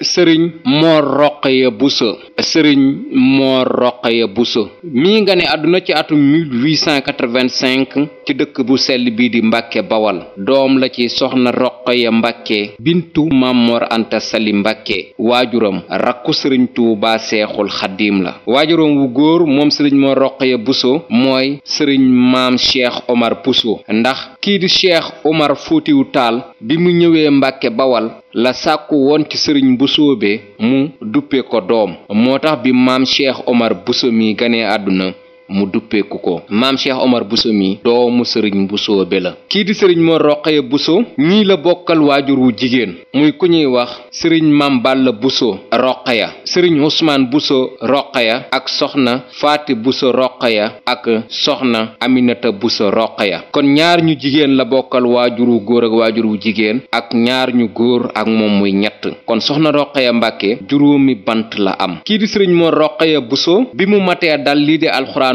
sëriñ moor roqaya buso sëriñ buso mi nga ne àdduna ci atum 1885 ci dëkk bu sell bii di mbàkke bawal doom la ci soxna roqaya mbàkke bintu mamor anta sali mbàkke waajuram rakku sëriñ tuuba seexul xaddiim la waajuram wu góor moom sëriñ moor roqaya buso mooy sëriñ maam cheikh omar buso ndax kii di cheikh omar fuutiwu taal bi mu ñëwee mbàkke bawal la sàkku woon ci sëriñ busoobe mu duppe ko doom moo tax bi maam cheikh omar bu mi ganee àdduna mu duppeeku ko maam Cheikh Omar Bousso mi doomu sëriñ Bousso be la kii di sëriñ Mor Roqaya Bousso ñii la bokkal waajur wu jigéen muy ku ñuy wax sëriñ Maam Balla Bousso ya sëriñ Ousmane roq ya ak soxna Faati roq ya ak soxna Aminata Bousso ya kon ñaar ñu jigéen la bokkal waajur wu góor ak waajur wu jigéen ak ñaar ñu góor ak moom muy ñett kon soxna roq ya Mbàkke juróomi bant la am kii di sëriñ Mor Roqaya Bousso bi mu matee dal lii di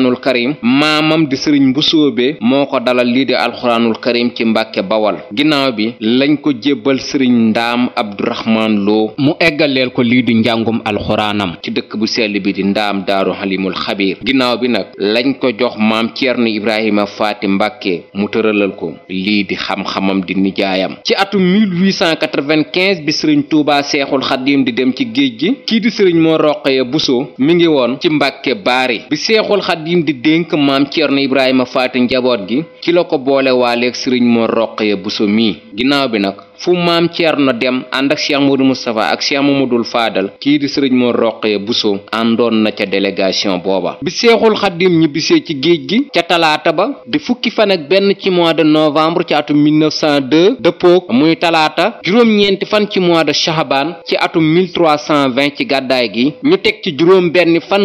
alxuraanul karim maamam di sëriñ mbusoobe moo ko dalal lii di alxuraanul karim ci mbàkke bawal ginnaaw bi lañ ko jébbal sëriñ ndaam abduraxmaan loo mu eggaleel ko lii di njàngum alxuraanam ci dëkk bu sell bi di ndaam daaru xalimul xabiir ginnaaw bi nag lañ ko jox maam ni ibrahima faati mbàkke mu tëralal ko lii di xam-xamam di nijaayam ci atum 1895 bi sëriñ tuubaa seexul xadim di dem ci géej gi kii di sëriñ moo roqaya buso mi ngi woon ci mbàkke baari bi seexul xadim yim di dénk maam Thierno Ibrahima Faty njaboot gi ci la ko boole waaleeg sëriñ Mor Roqaya Bousso mii ginnaaw bi nag fu maam na dem ànd ak Cheikh Modou Moustapha ak Cheikh Mamadou Fadal kii di sëriñ Mor Roqaya Bousso àndoon na ca délégation booba bi seexul xaddim ñibbisee ci géej gi ca talaata ba di fukki fan ak benn ci mois de novembre ci atum 1902 dëppoog muy talaata juróom-ñeenti fan ci mois de Chahaban ci atum ci gàddaay gi ñu teg ci juróom benn fan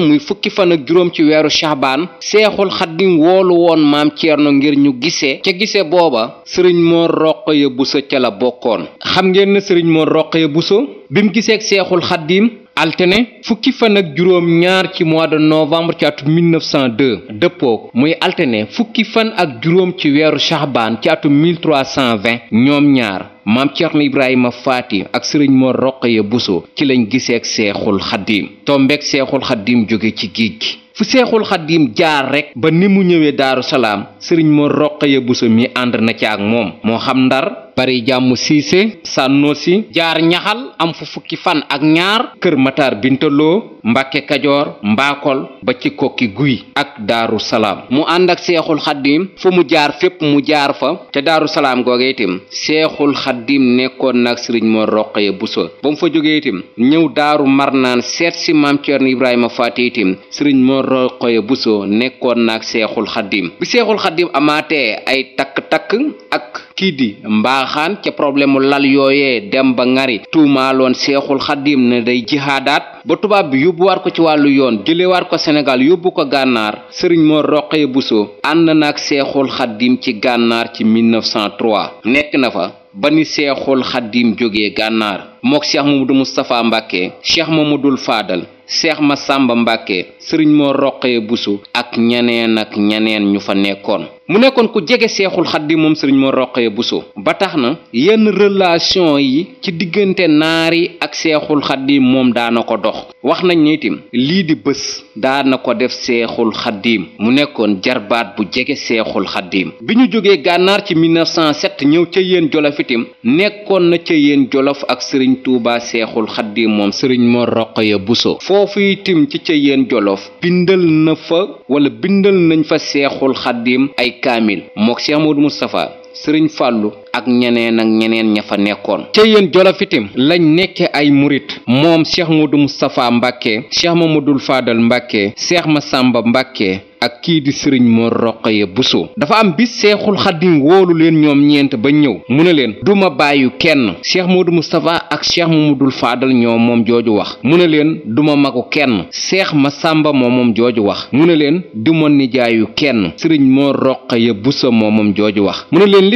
alxuraan seexul xaddim woolu woon maam ceerno ngir ñu gisee ca gisee booba sëriñ Mor Roqaya Buso ca la bokkoon xam ngeen ne sëriñ Mor Roqaya Buso bi mu gisee seexul xaddim altene fukki fan ak juróom ñaar ci mois de novembre ci atum 1902 dëppook muy altene fukki fan ak juróom ci weeru Shahbaan ci atum 1320 ñoom ñaar maam Cerno Ibrahima Faati ak sëriñ Mor Roqaya Buso ci lañ giseek seexul xaddiim tombeek seexul xaddiim jóge ci giij fu seexul xaddiim jaar rekk ba ni mu ñëwee daaru salaam sëriñ Mor Rokhaya Bousso mi ànd na ci ak moom moo xam ndar bari jàmm siise sànnoosi jaar ñaxal am fu fukki fan ak ñaar kër mataar bintaloo mbàkke kajoor mbaakol ba ci kokki guy ak daaru salaam mu ànd ak seexul xaddim fu mu jaar fépp mu jaar fa ca daaru salaam googe itam seexul xaddim nekkoon nag sëriñ moo roqee buso ba mu fa jógee itam ñëw daaru marnaan seet si maam ceerno ibrahima faati itam sëriñ moo roqee buso nekkoon nag seexul xaddim bi seexul xaddim amaatee ay takk takk ak kii di mbaaxaan ca problème mu lal yooyee dem ba ngari tuumaaloon seexul xaddim ne day jihaadaat ba tubaab bi yóbbuwaat ko ci wàllu yoon jëlewaat ko Sénégal yóbbu ko gànnaar sëriñ Mor Roqee Bousso ànd naag seexul xaddim ci gànnaar ci 1903 nekk na fa ba ni seexul xaddim jóge gànnaar mook cheikh Mamadou Moustapha Mbacke cheikh dul faadal seex ma sàmba mbàkke sëriñ moo roqee busu ak ñaneen ak ñaneen ñu fa nekkoon mu nekkoon ku jege seexul xaddim moom sëriñ moo roqee busu ba tax na yenn relation yi ci diggante naar yi ak seexul xaddim moom daana ko dox wax nañ ne itam lii di bés daana ko def seexul xaddim mu nekkoon jarbaat bu jege seexul xaddim bi ñu jógee gànnaar ci 1907 ñëw ca yéen jolof itam nekkoon na ca yéen jolof ak sëriñ tuubaa seexul xaddim moom sëriñ moo roqee busu foofuy tim ci ca yéen jolof bindal na fa wala bindal nañ fa seexul xaddim ay kaamil mook Cheikh Modou Moustapha sëriñ fàllu ak ñeneen ak ñeneen ña fa nekkoon ca yéen jolof itam lañ nekke ay murit moom cheikh mudu moustapha mbàkke cheikh mamadul faadal mbàkke ma sàmba mbàkke ak kii di sëriñ Mor Roqaya Buso dafa am bi seexul xaddim woolu leen ñoom ñeent ba ñëw mu ne leen duma bàyyu kenn cheikh Modou Moustapha ak cheikh Mamadul Faadal ñoom moom jooju wax mu ne leen duma magu kenn cheikh ma sàmba moom jooju wax mu ne leen duma nijaayu kenn sëriñ moo roq jooju wax mu ne leen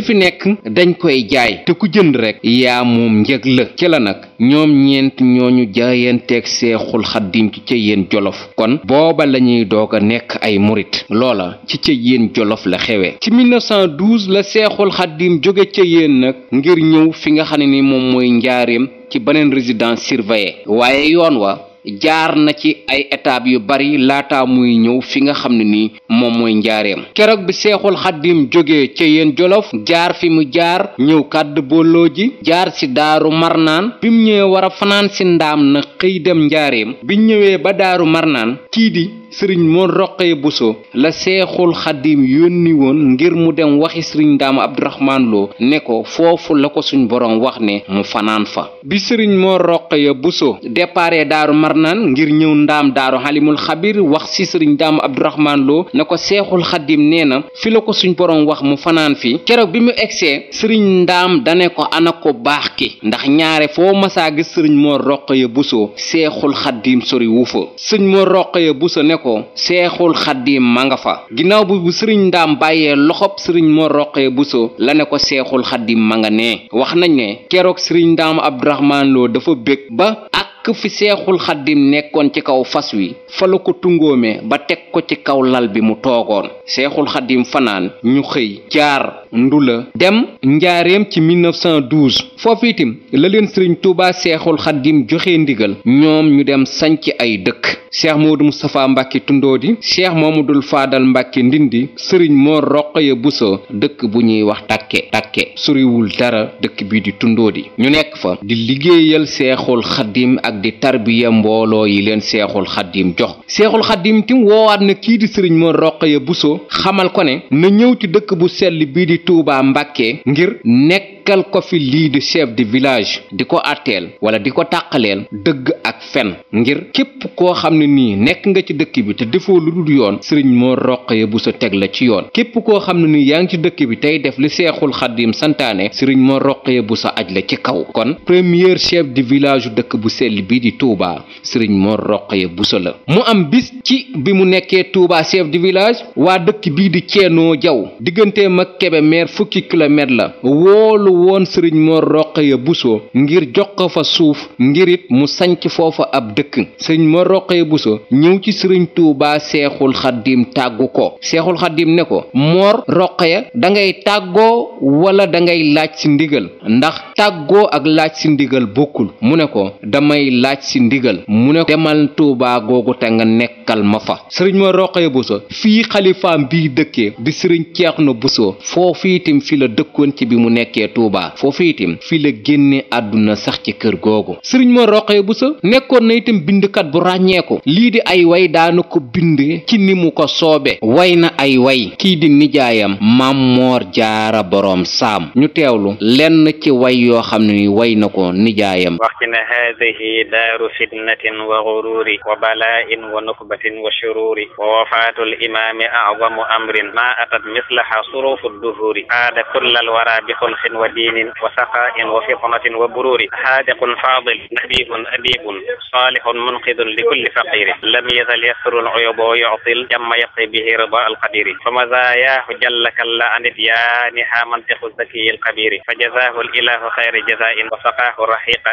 dañ koy jaay te ku jënd rek yaa moom njëg la ci la nag ñoom ñeent ñoo ñooñu jaayanteeg seexul xaddim ci ca yéen jolof kon booba lañuy doog a nekk ay murit loola ci ca yéen jolof la xewee ci 1912 la seexul xaddim jóge ca yéen nag ngir ñëw fi nga xam ne ni moom mooy njaareem ci beneen résidence surveillée waaye yoon wa jaar na ci ay étapes yu bari laata muy ñëw fi nga xam ne nii moom mooy njaareem keroog bi seexul xaddim jóge ci yéen jolof jaar fi mu jaar ñëw kàdd booloo ji jaar si daaru marnaan bi mu ñëwee war a fanaan si ndaam na xëy dem njaareem bi ñëwee ba daaru marnaan kii di sëriñ roq roqee buso la seexul xaddiim yónni woon ngir mu dem waxi sëriñ ndaam abduraxmaan loo ne ko foofu la ko suñ boroom wax ne mu fanaan fa bi sëriñ moo roqee buso dépare daaru marnaan ngir ñëw ndaam daaru xalimul xabiir wax ci sëriñ daama abduraxmaan loo ne ko seexul xaddiim nee na fi la ko suñ boroom wax mu fanaan fi keroog bi mu egsee sëriñ ndaam dane ko ana ko baax ki ndax ñaare foo masaa gis sëriñ moo roqee buso seexul xaddiim sori wu fa ko seexul xaddiim ma nga fa ginnaaw bi bu sëriñ ndaam bàyyee loxob sëriñ Mor Roqee Buso la ne ko seexul xaddiim ma nga nee wax nañ ne keroog sëriñ ndaam Abdurahmaan Lo dafa bég ba ak takk fi seexul xaddim nekkoon ci kaw fas wi fa la ko tungóome ba teg ko ci kaw lal bi mu toogoon seexul xaddim fanaan ñu xëy jaar ndula dem njaareem ci 1912 foofu itam la leen sëriñ tuubaa seexul xaddim joxe ndigal ñoom ñu dem sanc ay dëkk cheikh moodu moustapha mbàkke tundoodi cheikh dul faadal mbàkke ndindi sëriñ moor roqaya buso dëkk bu ñuy wax tàkke tàkke soriwul dara dëkk bi di tundoodi ñu nekk fa di liggéeyal seexul xaddim ak ak di tarbiya mbooloo yi leen seexul xaddim jox seexul xaddim tim woowaat na kii di sëriñ Mor Rokhaya Bousso xamal ko ne na ñëw ci dëkk bu sell bii di tuubaa Mbàkke ngir nekk nekkal ko fi lii di chef de village di ko àtteel wala di ko tàqaleel dëgg ak fen ngir képp koo xam ne nii nekk nga ci dëkk bi te defoo lu dul yoon sëriñ moo roq bu sa teg la ci yoon képp koo xam ne nii yaa ngi ci dëkk bi tey def li seexul xaddim santaane sëriñ moo Rokhaya Bousso aj la ci kaw kon premier chef de village dëkk bu sell bii di Touba sëriñ moo Rokhaya Bousso la mu am bis ci bi mu nekkee Touba chef de village waa dëkk bii di Ceenoo Jaw digganteem ak Kébémer fukki kilomètre la woolu woon sëriñ Mor Roqaya Bousso ngir jox ko fa suuf ngir it mu sañc foofa ab dëkk sëriñ Mor Roqaya Bousso ñëw ci sëriñ Tuubaa Seexul Xaddiim tàggu ko Seexul Xaddiim ne ko Mor roq ya dangay tàggoo wala dangay laaj ci ndigal ndax tàggoo ak laaj si ndigal bokkul mu ne ko damay laaj si ndigal mu ne demal tuubaa googu te nga nekkal ma fa sëriñ ma roqee buso fii xalifaam bii dëkkee di sëriñ na ceexna buso foofu itam fi la dëkkoon ci bi mu nekkee tuubaa foofu itam fi la génne àdduna sax ci kër googu sëriñ ma roqee buso nekkoon na itam bindkat bu ràññeeku lii di ay way daana bind ci ni mu ko soobe way na ay way kii di nijaayam Maam Moor Jaara borom Saam ñu teewlu lenn yoo xam ne ni way na ko nijaayam wax ci ne haadihi daaru fitnatin wa gururi wa bala'in wa nukbatin wa shururi wa wafaatul imaami a'zamu amrin ma atat mislaha surufu duhuri aada kullal wara bi xulqin wa diinin wa saqaa'in wa fitnatin wa bururi haadiqun faadil nabihun adibun salihun munqidun li kulli faqirin lam yazal yasrul uyuba wa yu'til jamma yaqi bihi rida alqadiri fa mazayaahu jalla kalla anit yaa niha mantiqu zakiyil xabiri fa jazaahu ilahu وخير جزاء وسقاه الرحيق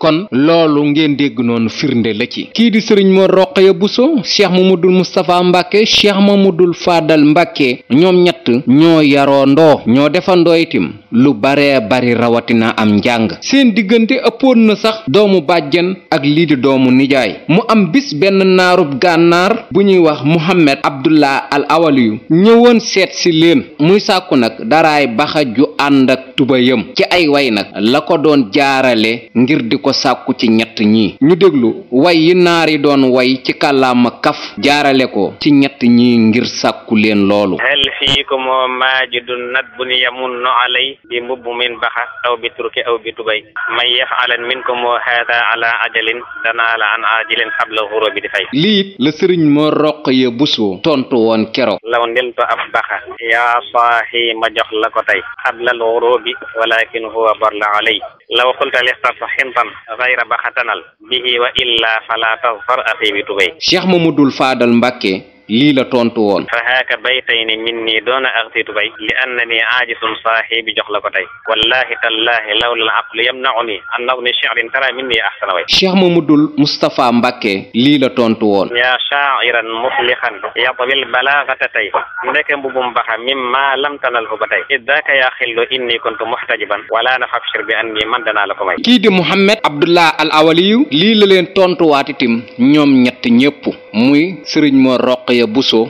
kon loolu ngeen dégg noonu firnde la ci kii di sëriñ Mor Rokhaya dul Cheikh Mamadou Moustapha ma mu dul Fadal Mbacke ñoom ñett ñoo yaroo ndoo ñoo defandoo itim lu baree bari rawatina am njàng seen diggante ëppoon na sax doomu bàjjen ak lii di doomu nijaay mu am bis benn naarub gànnaar bu ñuy wax Muhammad Abdullah al awaliyu ñëwoon seet si leen muy sàkku nag daraay baxa yu ànd ak tubéyam ci ay way nag la ko doon jaarale ngir di ko sàkku ci ñett ñi ñu déglu way yi naar yi doon way ci kàllaama kaf jaarale ko ci ñett ñi ngir sàkku leen loolu hal fiikum maajidun nabun yamunnu alay bi mbubb min baxa aw bi turki aw bi tubay may yafalan minkum wa haada ala ajalin dana an ajilin xabla xuro di fay lii la sëriñ moo roq ya buso tontu woon kero law ndeltu ab baxa yaa saaxi ma jox la ko tey xablal xuro bi walakin huwa barla alay law xulta lixtat xintan gayra baxatanal bihi wa illa fala tasfar ati bi tubay cheikh mamadul faadal mbàkke lii la tontu woon fa haaka baytayni min nii doona axtitu bay li annani aajisun saaxibi jox la ko tey wallahi tallahi lawla al aqlu yamnauni an nawni shi'rin tara min nii ahsana way cheikh mamadul moustapha mbàkke lii la tontu woon yaa shaa'iran muflixan yatwil balaaxata tey ndeke mbubum baxa mimma lam tanalhu ba tey iddaaka yaa xillu inni kuntu muxtajiban wala na fabshir bi anni man danaa la ko may kii di mouhammad abdullah al awaliyu lii la leen tontuwaatitim ñoom ñett ñépp muy sëriñ Mor Rokhaya Bousso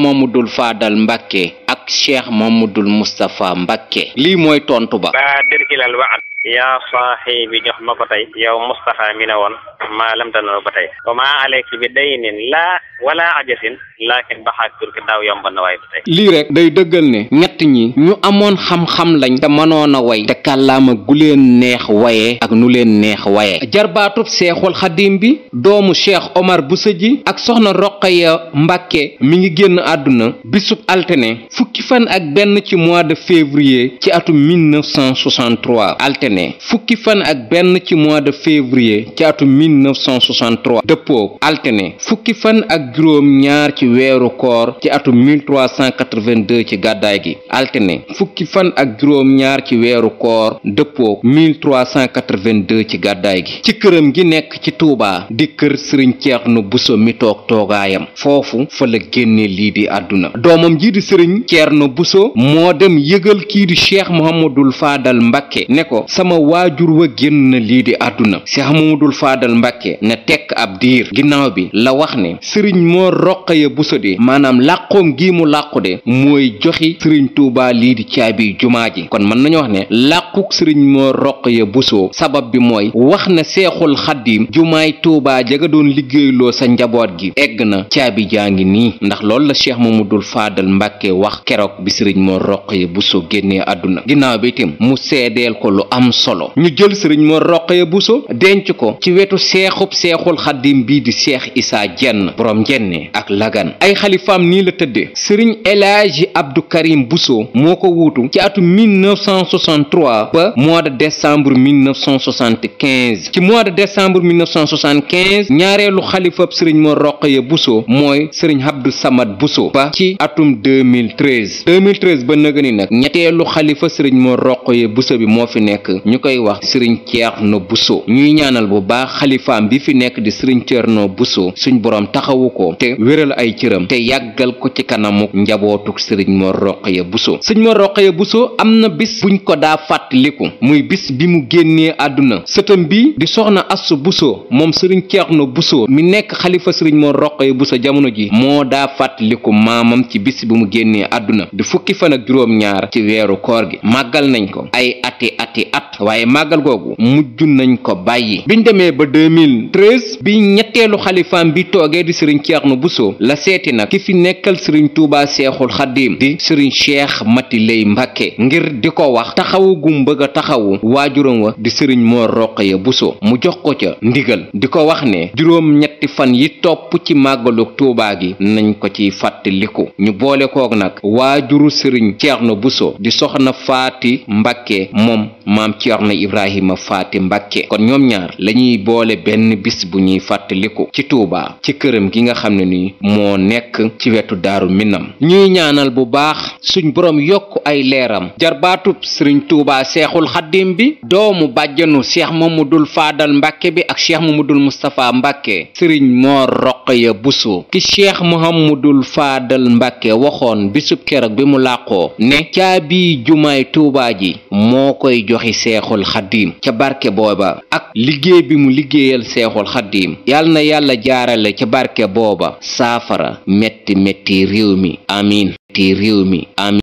mu dul Faadal Mbàkke ak cheikh dul Moustapha Mbàkke lii mooy tontu ba yaa saaxi bi jox ma ko tey yow Moustapha mi ne woon maa lam tanoo ba tey wa maa aleyki bi day nin laa wala ajasin laakin baxaak turki daaw yomb na waay ba tey lii rek day dëggal ne ñett ñi ñu amoon xam-xam lañ te mënoon a way te kàllaama gu leen neex waye ak nu leen neex waye jarbaatub seexul xadim bi doomu cheikh omar bu sëji ak soxna roqaya mbàkke mi ngi génn àdduna bisub altene fukki fan ak benn ci mois de février ci atum 1963 altene fukki fan ak benn ci mois de février ci atum 1963 dëppoo altine fukki fan ak juróom ñaar ci weeru koor ci atum 1382 ci gàddaay gi altine fukki fan ak juróom ñaar ci weeru koor dëppoo 1382 ci gàddaay gi ci këram gi nekk ci Touba di kër Serigne na Bousso mi toog toogaayam foofu fa la génne lii di àdduna doomam ji di Serigne Thierno Bousso moo dem yëgal kii di Cheikh Mouhamadoul Fadal Mbacké ne ko sama waajur wa génn lii di àdduna seex dul faadal mbàkke ne tekk ab diir ginnaaw bi la wax ne sëriñ moo roqaya buso de maanaam làqoom gi mu làqu de mooy joxi sëriñ tuubaa lii di caabi jumaa ji kon mën nañu wax ne làquk sëriñ moo roqaya buso sabab bi mooy wax na seexul xaddim jumaay tuubaa jaga doon liggéeyloo sa njaboot gi egg na caabi jaa ngi nii ndax loolu la seex dul faadal mbàkke wax keroog bi sëriñ moo roqaya buso génnee àdduna ginnaaw bi itam mu seedeel ko lu am solo ñu jël sëriñ Mor Roqaya Buso denc ko ci wetu seexub seexul xaddim bii di seex isaa jenn boroom njenne ak lagan ay xalifaam nii la tëdde sëriñ elaaji abdu karim Buso moo ko wuutu ci atu 1963 ba mois de décembre 1975 ci mois de décembre 1975 ñaareelu xalifab sëriñ Mor Roqaya Buso mooy sëriñ Abdu Samad Buso ba ci atum 2013 2013 ba nëgëni nag ñetteelu xalifa sëriñ Mor Roqaya Buso bi moo fi nekk ñu koy wax sëriñ Ceerno Buso ñuy ñaanal bu baax xalifaam bi fi nekk di sëriñ Ceerno Buso suñ boroom taxawu ko te wéral ay cëram te yàggal ko ci kanamu njabootu sëriñ Mor Roqaya Buso sëriñ roq Roqaya Buso am na bis buñ ko daa fàttaliku muy bis bi mu génnee àdduna sëtam bi di soxna Astu Buso moom sëriñ Ceerno Buso mi nekk xalifa sëriñ Mor Roqaya Buso jamono ji moo daa fàttaliku maamam ci bis bi mu génnee àdduna di fukki fan ak juróom ñaar ci weeru koor gi màggal nañ ko at waaye màggal googu mujj nañ ko bàyyi biñ demee ba 2013 bi ñetteelu xalifaam bi toogee di sëriñ Ceerno Buso la seeti nag ki fi nekkal sëriñ Tuubaa Seexul Xaddiim di sëriñ Cheikh Mati Lay Mbàkke ngir di ko wax taxawu gum bëgg a taxawu waajuram wa di sëriñ Moor Roqaya Buso mu jox ko ca ndigal di ko wax ne juróom ñetti fan yi topp ci màggaluk Tuubaa gi nañ ko ci fàttaliku ñu boole koog nag waajuru sëriñ Ceerno Buso di soxna Faati Mbàkke moom maam maam Ceerno Ibrahima Faati Mbàkke kon ñoom ñaar lañuy boole benn bis bu ñuy fàttaliku ci Tuubaa ci këram gi nga xam ne ni moo nekk ci wetu Daaru Minam ñuy ñaanal bu baax suñ boroom yokk ay leeram jarbaatub sëriñ Tuubaa Seexul Xaddim bi doomu bàjjanu Seex dul Faadal Mbàkke bi ak Seex Mamudul Mustapha Mbàkke sëriñ Moor Roqaya Buso ki Seex dul Faadal mbakke waxoon bisub keroog bi mu làqoo ne caabi jumaay Tuubaa ji moo koy joxe seexul xaddiim ca barke booba ak liggéey bi mu liggéeyal seexul xaddiim yal na yàlla jaarale ca barke booba saafara metti metti réew mi amiin metti réew mi amiin